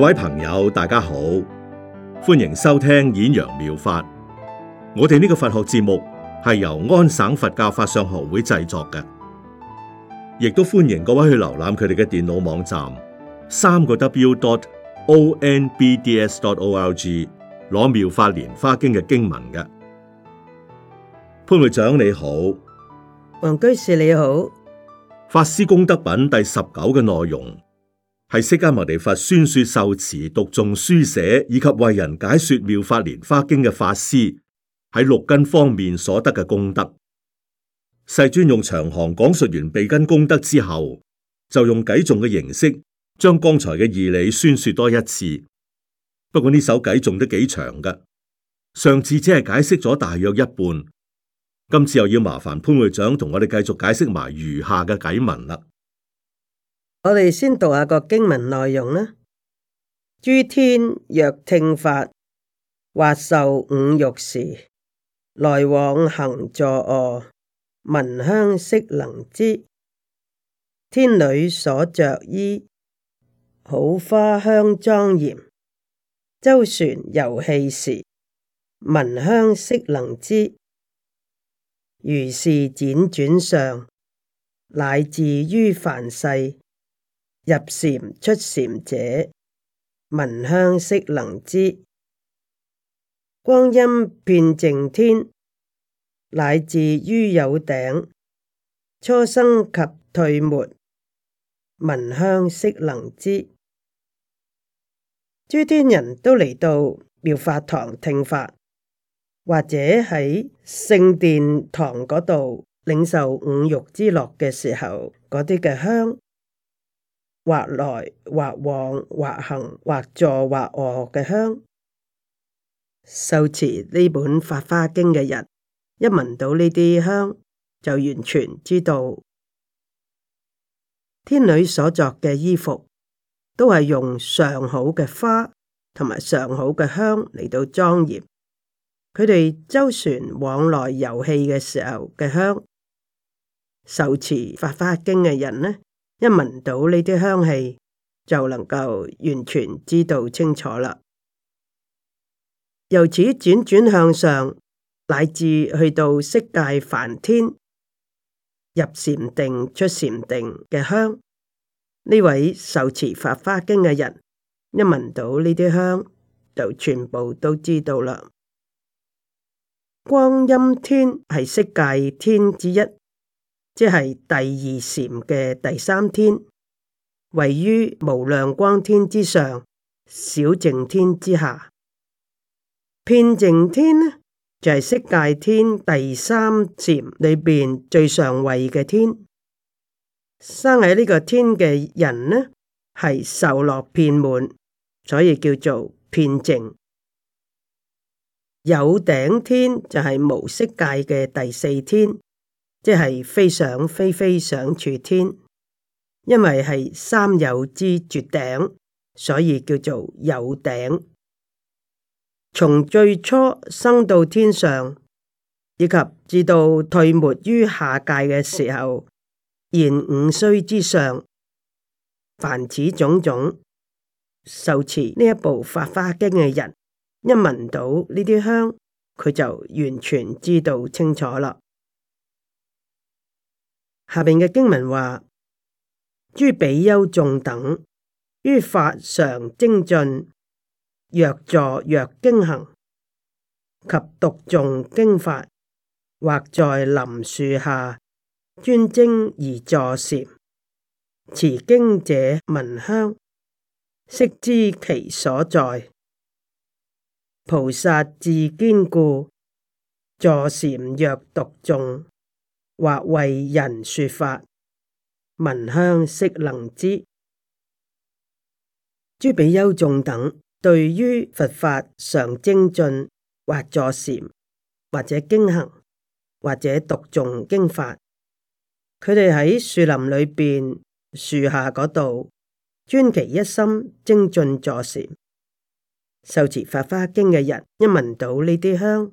各位朋友，大家好，歡迎收聽演揚妙，妙法。我哋呢個佛學節目係由安省佛教法相學會製作嘅，亦都歡迎各位去瀏覽佢哋嘅電腦網站，三個 W 點 O N B D S 點 O L G 攞妙法蓮花經嘅經文嘅。潘會長你好，黃居士你好，法師功德品第十九嘅內容。係釋迦牟尼佛宣說受持讀誦、書寫，以及為人解說妙法蓮華經嘅法師喺六根方面所得嘅功德。世尊用長行講述完鼻根功德之後，就用偈頌嘅形式將剛才嘅義理宣說多一次。不過呢首偈頌都幾長噶，上次只係解釋咗大約一半，今次又要麻煩潘會長同我哋繼續解釋埋餘下嘅偈文啦。我哋先讀下個經文內容啦。諸天若聽法，或受五欲時，來往行坐臥，聞香悉能知。天女所着衣，好花香莊嚴。周旋遊戲時，聞香悉能知。如是輾轉上，乃至於梵世。入禪出禪者，聞香悉能知；光音遍淨天，乃至于有頂，初生及退沒，聞香悉能知。諸天人都嚟到妙法堂聽法，或者喺聖殿堂嗰度領受五欲之樂嘅時候，嗰啲嘅香。或來或往，或行或坐，或卧嘅香。受持呢本法花經嘅人，一聞到呢啲香，就完全知道天女所作嘅衣服都係用上好嘅花同埋上好嘅香嚟到莊嚴。佢哋周旋往來遊戲嘅時候嘅香，受持法花經嘅人呢，一聞到呢啲香氣，就能夠完全知道清楚喇。由此轉轉向上，乃至去到色界梵天，入禪定，出禪定嘅香，呢位受持法華經嘅人，一聞到呢啲香，就全部都知道喇。光音天係色界天之一。即係第二禪嘅第三天，位於無量光天之上，少淨天之下。遍淨天呢，就係、是、色界天第三禪裏邊最上位嘅天。生喺呢個天嘅人呢，係受樂遍滿，所以叫做遍淨。有頂天就係無色界嘅第四天。即係非想非非想處天，因為係三有之絕頂，所以叫做有頂。從最初生到天上，以及至到退沒於下界嘅時候，現五衰之上，凡此種種，受持呢一部《法華經》嘅人，一聞到呢啲香，佢就完全知道清楚啦。下面嘅經文話：諸比丘眾等，於法常精進，若坐若經行，及讀誦經法，或在林樹下，專精而坐禪，持經者聞香，識知其所在。菩薩自堅固，坐禪若讀誦。或為人說法，聞香悉能知，諸比丘眾等對於佛法常精進，或助禪，或者經行，或者讀誦經法。佢哋喺樹林裏邊樹下嗰度，專其一心精進助禪。受持《法花經》嘅人，一聞到呢啲香。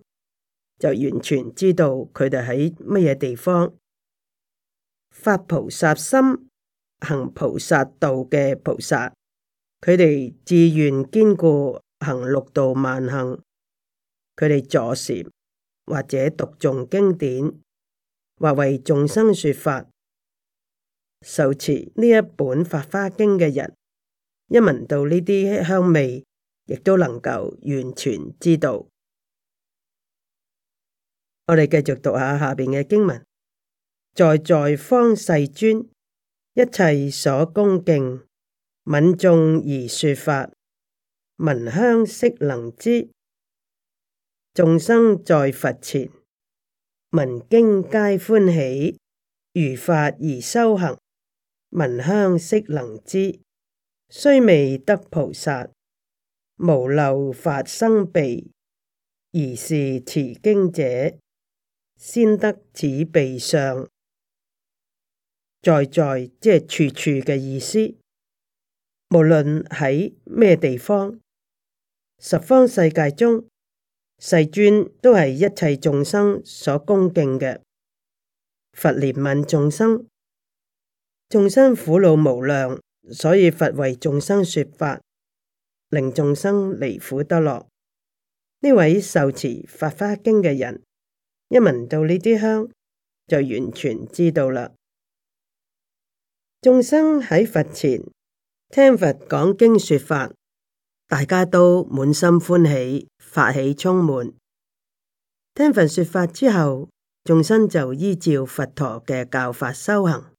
就完全知道佢哋喺乜嘢地方發菩薩心，行菩薩道嘅菩薩，佢哋自願兼顧行六度萬行，佢哋助禪或者讀誦經典，或為眾生說法。受持呢一本《法華經》嘅人，一聞到呢啲香味，亦都能夠完全知道。我哋繼續讀下下邊嘅經文，在在方世尊一切所恭敬，愍眾而說法，聞香識能知，眾生在佛前，聞經皆歡喜，如法而修行，聞香悉能知，雖未得菩薩，無漏法生鼻，而是持經者。先得此鼻上，在在即係處處嘅意思，無論喺咩地方，十方世界中，世尊都係一切眾生所恭敬嘅佛。憐憫眾生，眾生苦惱無量，所以佛為眾生說法，令眾生離苦得樂。呢位受持《法花經》嘅人。一聞到呢啲香，就完全知道啦。眾生喺佛前聽佛講經說法，大家都滿心歡喜，法喜充滿。聽佛說法之後，眾生就依照佛陀嘅教法修行。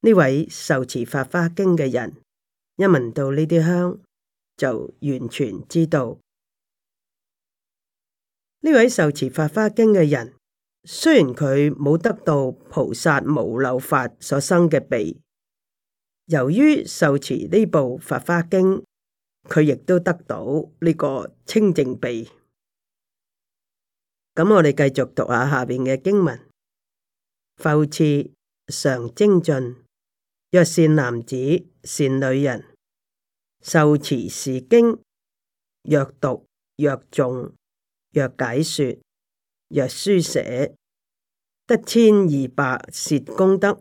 呢位受持《法花經》嘅人，一聞到呢啲香，就完全知道。呢位受持法花經嘅人，雖然佢冇得到菩薩無漏法所生嘅鼻，由於受持呢部法花經，佢亦都得到呢個清淨鼻。咁我哋繼續讀下下邊嘅經文：復次常精進，若善男子善女人，受持是經，若讀若誦。若解說，若書寫，得千二百舌功德；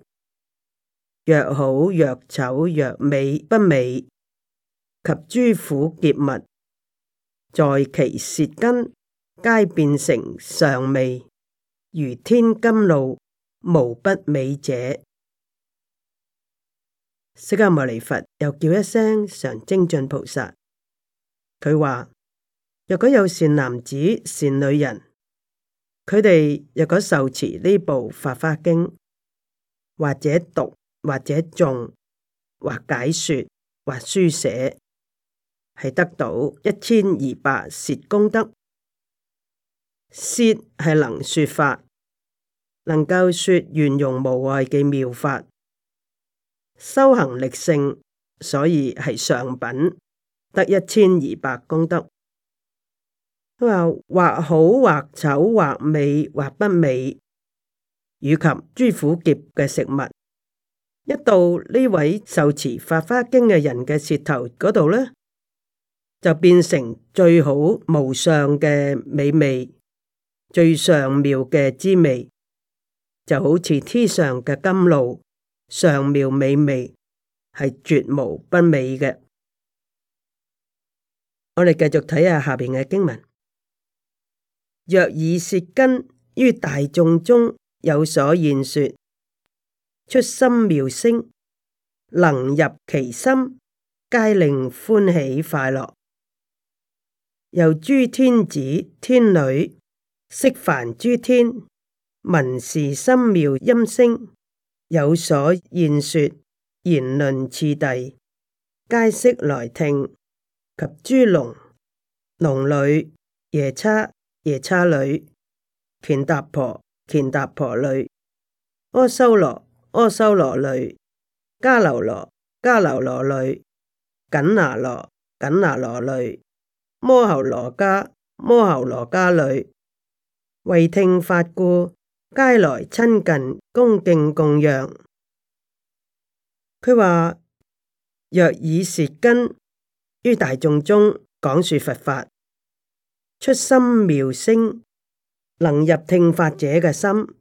若好，若醜，若美不美，及諸苦澀物，在其舌根，皆變成上味，如天甘露，無不美者。釋迦牟尼佛又叫一聲常精進菩薩，佢話。若果有善男子、善女人，佢哋若果受持呢部法華經，或者讀、或者誦、或解說、或書寫，係得到一千二百舌功德。舌係能說法，能夠說圓融無礙嘅妙法，修行力勝，所以係上品，得一千二百功德。佢話或好或醜或美或不美，以及諸苦劫嘅食物，一到呢位受持法花經嘅人嘅舌頭嗰度呢就變成最好無上嘅美味，最上妙嘅滋味，就好似天上嘅甘露，上妙美味係絕無不美嘅。我哋繼續睇下下邊嘅經文。若以舌根於大眾中有所言說，出深妙聲，能入其心，皆令歡喜快樂。由諸天子天女釋梵諸天，聞是深妙音聲，有所言說，言論次第，皆悉來聽。及諸龍、龍女、夜叉、夜叉女、乾達婆、乾達婆女、阿修羅、阿修羅女、迦樓羅、迦樓羅女、緊那羅、緊那羅女、摩喉羅伽、摩喉羅伽女，為聽法故，皆來親近恭敬供養。佢話若以舌根於大眾中講說佛法。出深妙聲，能入聽法者嘅心，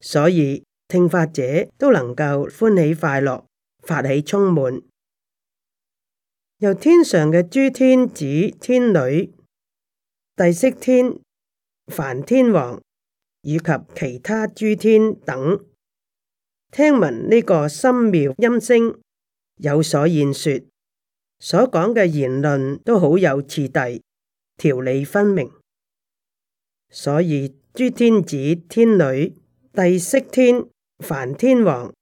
所以聽法者都能夠歡喜快樂，法喜充滿。由天上嘅諸天子、天女、帝釋天、梵天王以及其他諸天等，聽聞呢個深妙音聲，有所言說，所講嘅言論都好有次第。條理分明，所以諸天子、天女、帝釋天、梵天王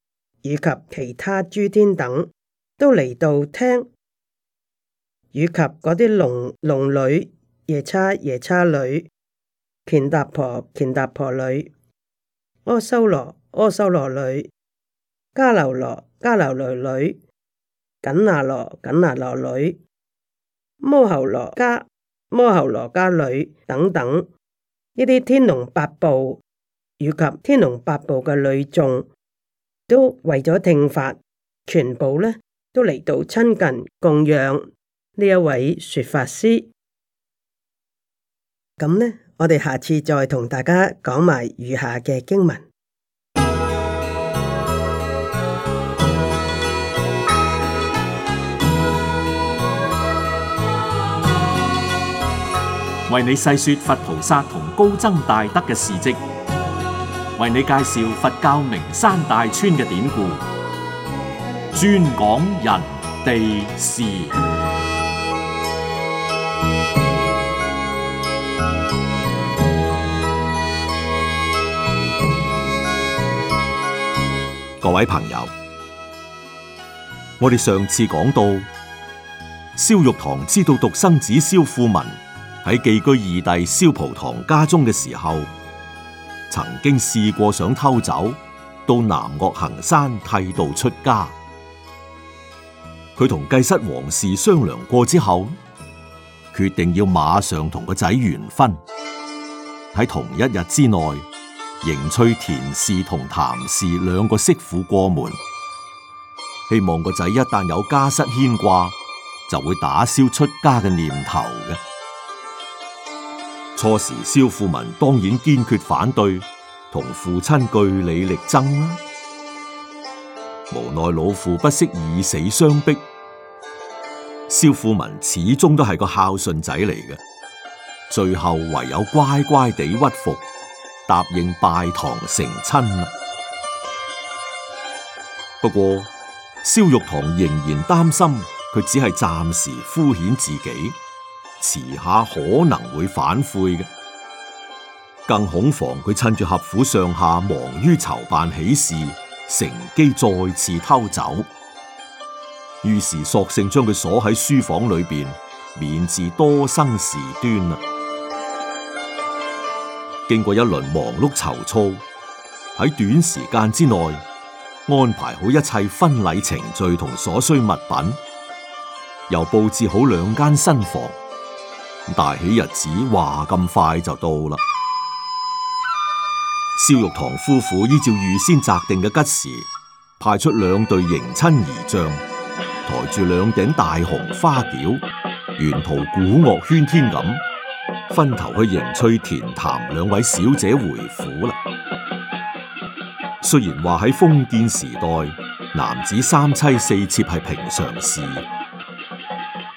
以及其他諸天等都嚟到聽，以及嗰啲龍龍女、夜叉夜叉女、乾達婆乾達婆女、阿修羅阿修羅女、迦樓羅迦樓羅女、緊那羅緊那羅女、摩睺羅迦。摩侯羅伽女等等，呢啲天龍八部以及天龍八部嘅女眾，都為咗聽法，全部呢都嚟到親近供養呢一位說法師。咁呢，我哋下次再同大家講埋餘下嘅經文。為你細說佛菩薩同高僧大德嘅事迹，為你介紹佛教名山大川嘅典故，專講人地事。各位朋友，我哋上次講到，蕭玉堂知道獨生子蕭富民。喺寄居二弟蕭蒲堂家中嘅時候，曾經試過想偷走，到南岳衡山剃度出家。佢同繼室王氏商量過之後，決定要馬上同個仔完婚。喺同一日之內，迎娶田氏同譚氏兩個媳婦過門，希望個仔一旦有家室牽掛，就會打消出家嘅念頭嘅。初時，蕭富民當然堅決反對，同父親據理力爭啦、啊。無奈老父不惜以死相逼，蕭富民始終都係個孝順仔嚟嘅，最後唯有乖乖地屈服，答應拜堂成親、啊。不過，蕭玉堂仍然擔心佢只係暫時敷衍自己。遲下可能會反悔嘅，更恐防佢趁住合府上下忙於籌辦喜事，乘機再次偷走。於是索性將佢鎖喺書房裏邊，免致多生事端啦。經過一輪忙碌籌措，喺短時間之內安排好一切婚禮程序同所需物品，又佈置好兩間新房。大喜日子話咁快就到啦，蕭玉堂夫婦依照預先擇定嘅吉時，派出兩隊迎親儀仗，抬住兩頂大紅花轎，沿途鼓樂喧天咁，分頭去迎娶田譚兩位小姐回府啦。雖然話喺封建時代，男子三妻四妾係平常事。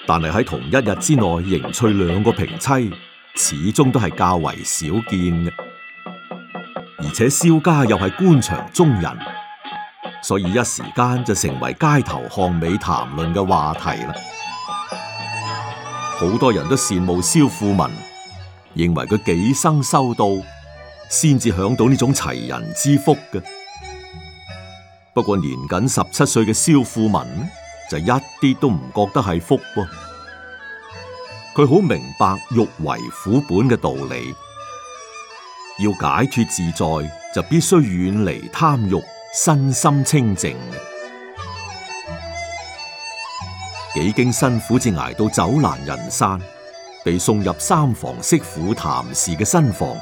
但係喺同一日之內迎娶兩個平妻，始終都係較為少見嘅。而且蕭家又係官場中人，所以一時間就成為街頭巷尾談論嘅話題啦。好多人都羨慕蕭富民，認為佢幾生修道先至享到呢種齊人之福嘅。不過年僅十七歲嘅蕭富民。就一啲都唔覺得係福啊，佢好明白欲為苦本嘅道理，要解脱自在就必須遠離貪欲，身心清淨。幾 經辛苦，至挨到走難人山，被送入三房媳婦譚氏嘅新房。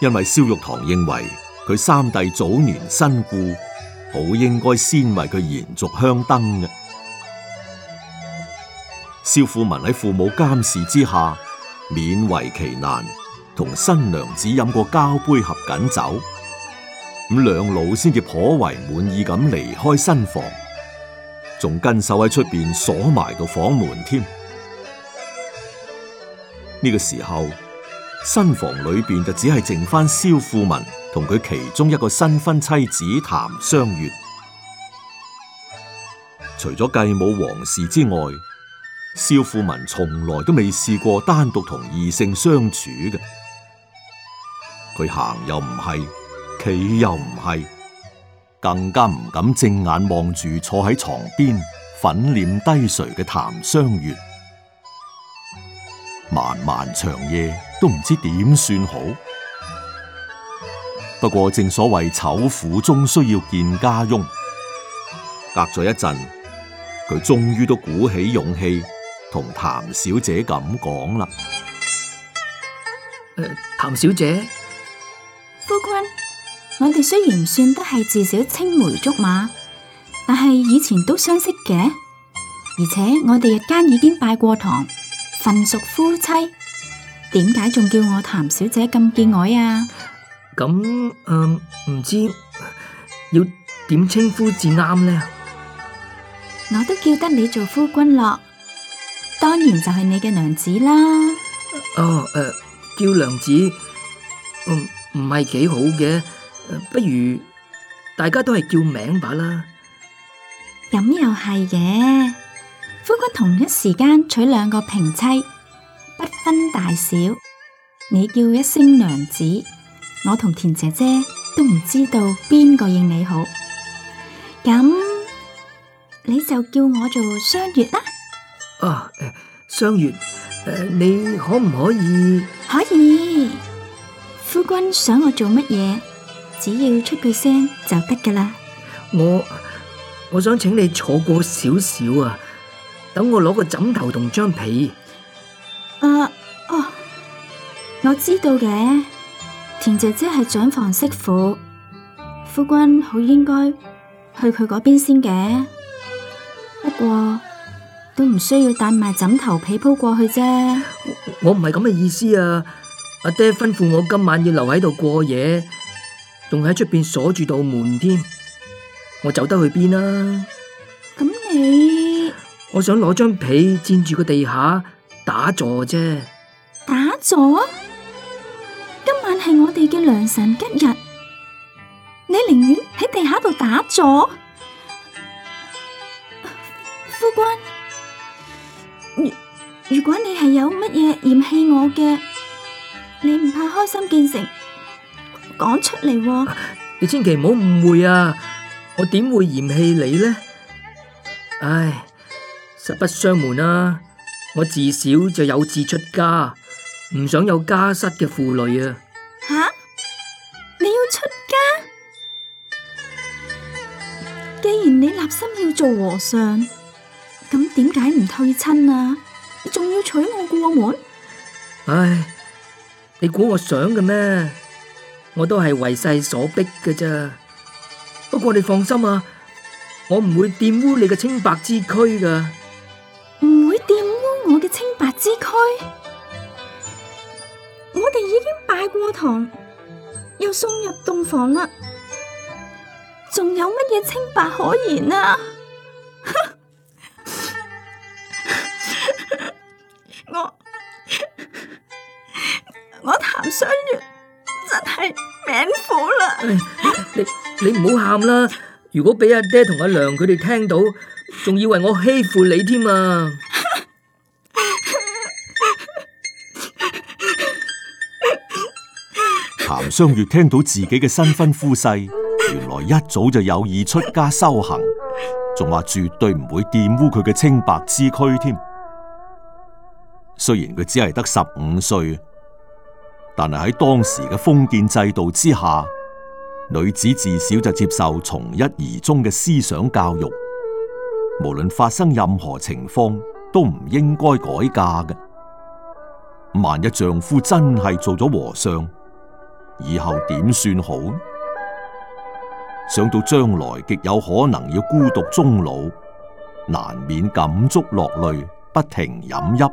因為蕭玉堂認為佢三弟早年身故。好應該先為佢延續香燈嘅。蕭富文喺父母監視之下，勉為其難同新娘子飲過交杯合卺酒，咁兩老先至頗為滿意咁離開新房，仲跟手喺出邊鎖埋個房門添。呢個時候，新房裏邊就只係剩翻蕭富文。同佢其中一個新婚妻子譚湘月，除咗繼母王氏之外，蕭富民從來都未試過單獨同異性相處嘅。佢行又唔係，企又唔係，更加唔敢正眼望住坐喺床邊粉臉低垂嘅譚湘月。漫漫長夜都唔知點算好。不過正所謂醜婦終需要見家翁，隔咗一陣，佢終於都鼓起勇氣同譚小姐咁講啦。譚、呃、小姐，夫君，我哋雖然算得係自小青梅竹馬，但係以前都相識嘅，而且我哋日間已經拜過堂，份屬夫妻，點解仲叫我譚小姐咁見外啊？咁，嗯，唔知要點稱呼至啱呢？我都叫得你做夫君咯，當然就係你嘅娘子啦。哦，誒、呃，叫娘子，唔唔係幾好嘅，不如大家都係叫名吧啦。咁又係嘅，夫君同一時間娶兩個平妻，不分大小，你叫一聲娘子。我同田姐姐都唔知道邊個應你好，咁你就叫我做雙月啦。哦、啊，雙月，誒、呃，你可唔可以？可以，夫君想我做乜嘢？只要出句聲就得噶啦。我我想請你坐過少少啊，等我攞個枕頭同張被。啊哦，我知道嘅。賢姐姐係長房媳婦，夫君好應該去佢嗰邊先嘅。不過都唔需要帶埋枕頭被鋪過去啫。我唔係咁嘅意思啊！阿爹吩咐我今晚要留喺度過夜，仲喺出邊鎖住道門添。我走得去邊啊？咁你？我想攞張被墊住個地下打坐啫。打坐？打坐你嘅良辰吉日，你寧願喺地下度打坐，夫君。如如果你係有乜嘢嫌棄我嘅，你唔怕開心見誠講出嚟。你千祈唔好誤會啊！我點會嫌棄你呢？唉，實不相瞞啊，我自小就有志出家，唔想有家室嘅負累啊！做和尚，咁點解唔退親啊？仲要娶我過門？唉，你估我想嘅咩？我都係為勢所逼嘅啫。不過你放心啊，我唔會玷污你嘅清白之軀噶。唔會玷污我嘅清白之軀？我哋已經拜過堂，又送入洞房啦，仲有乜嘢清白可言啊？你你唔好喊啦！如果俾阿爹同阿娘佢哋聽到，仲以為我欺負你添啊！譚湘 月聽到自己嘅新婚夫婿，原來一早就有意出家修行，仲話絕對唔會玷污佢嘅清白之軀添。雖然佢只係得十五歲，但係喺當時嘅封建制度之下。女子自小就接受從一而終嘅思想教育，無論發生任何情況都唔應該改嫁嘅。萬一丈夫真係做咗和尚，以後點算好？想到將來極有可能要孤獨終老，難免感觸落淚，不停飲泣。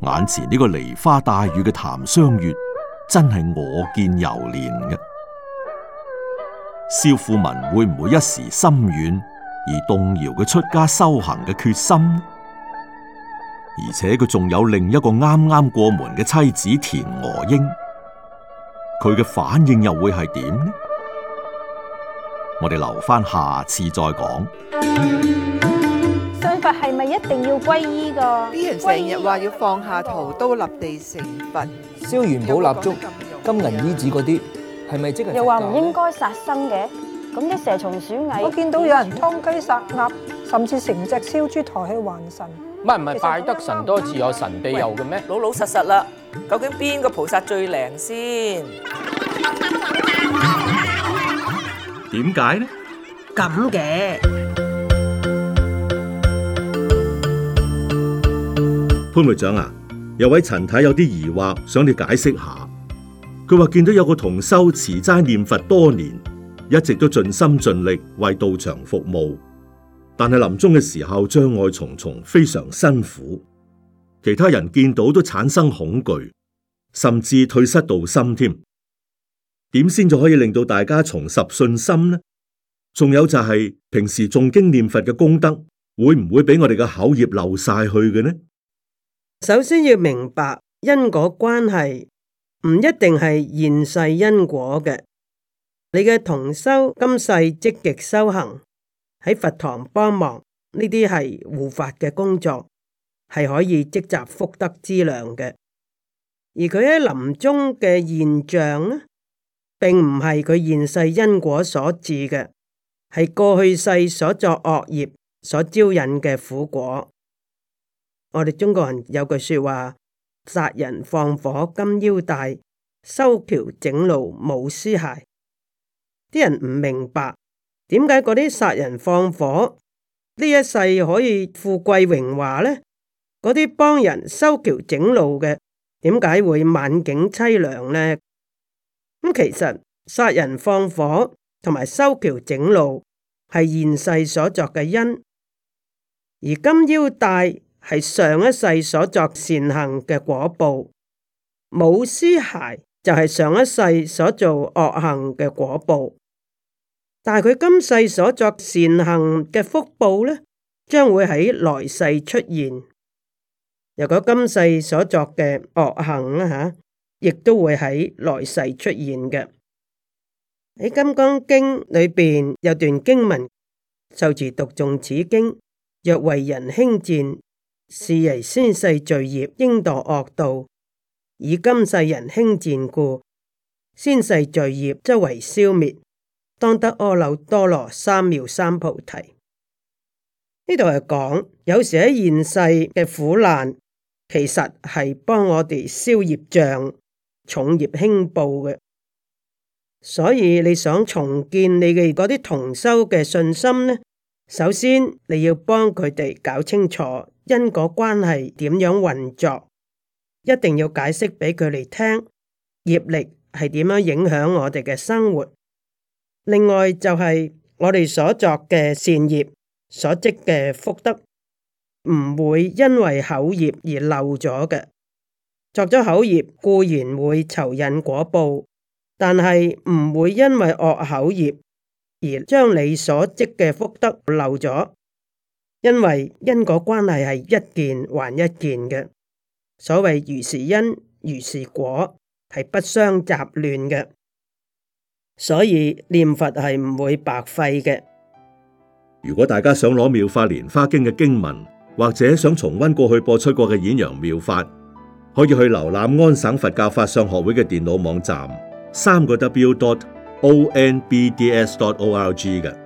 眼前呢個梨花帶雨嘅譚湘月。真係我見猶憐嘅，肖富民會唔會一時心軟而動搖佢出家修行嘅決心？而且佢仲有另一個啱啱過門嘅妻子田娥英，佢嘅反應又會係點呢？我哋留翻，下次再講。係咪一定要皈依噶？啲人成日話要放下屠刀立地成佛，燒元寶蠟燭、金銀衣紙嗰啲，係咪即係？又話唔應該殺生嘅，咁啲蛇蟲鼠蟻，我見到有人劏雞殺鴨，甚至成隻燒豬抬去還神。唔係唔係，拜得神多自有神庇佑嘅咩？老老實實啦，究竟邊個菩薩最靈先？點解呢？咁嘅。潘會長啊，有位陳太有啲疑惑，想你解釋下。佢話見到有個同修持齋念佛多年，一直都盡心盡力為道場服務，但係臨終嘅時候障礙重重，非常辛苦。其他人見到都產生恐懼，甚至退失道心添。點先就可以令到大家重拾信心呢？仲有就係、是、平時誦經念佛嘅功德，會唔會俾我哋嘅口業漏晒去嘅呢？首先要明白因果關係唔一定係現世因果嘅，你嘅同修今世積極修行，喺佛堂幫忙呢啲係護法嘅工作，係可以積集福德之量嘅。而佢喺臨終嘅現象呢，並唔係佢現世因果所致嘅，係過去世所作惡業所招引嘅苦果。我哋中國人有句說話：「殺人放火金腰帶，修橋整路冇屍骸。」啲人唔明白點解嗰啲殺人放火呢一世可以富貴榮華呢？嗰啲幫人修橋整路嘅，點解會晚景淒涼呢？咁其實殺人放火同埋修橋整路係現世所作嘅因，而金腰帶。係上一世所作善行嘅果報，武絲鞋就係上一世所做惡行嘅果報。但係佢今世所作善行嘅福報呢，將會喺來世出現。如果今世所作嘅惡行啊吓，亦都會喺來世出現嘅。喺金剛經裏邊有段經文，受持讀誦此經，若為人輕賤。是為先世罪業應墮惡道，以今世人輕賤故，先世罪業則為消滅，當得阿耨多羅三藐三菩提。呢度係講有時喺現世嘅苦難，其實係幫我哋消業障、重業輕報嘅。所以你想重建你嘅嗰啲同修嘅信心呢？首先你要幫佢哋搞清楚。因果關係點樣運作，一定要解釋俾佢哋聽。業力係點樣影響我哋嘅生活？另外就係、是、我哋所作嘅善業所積嘅福德，唔會因為口業而漏咗嘅。作咗口業固然會酬引果報，但係唔會因為惡口業而將你所積嘅福德漏咗。因為因果關係係一件還一件嘅，所謂如是因如是果係不相雜亂嘅，所以念佛係唔會白費嘅。如果大家想攞《妙法蓮花經》嘅經文，或者想重温過去播出過嘅《演揚妙法》，可以去瀏覽安省佛教，教法相學會嘅電腦網站，三個 W dot O N B D S dot O R G 嘅。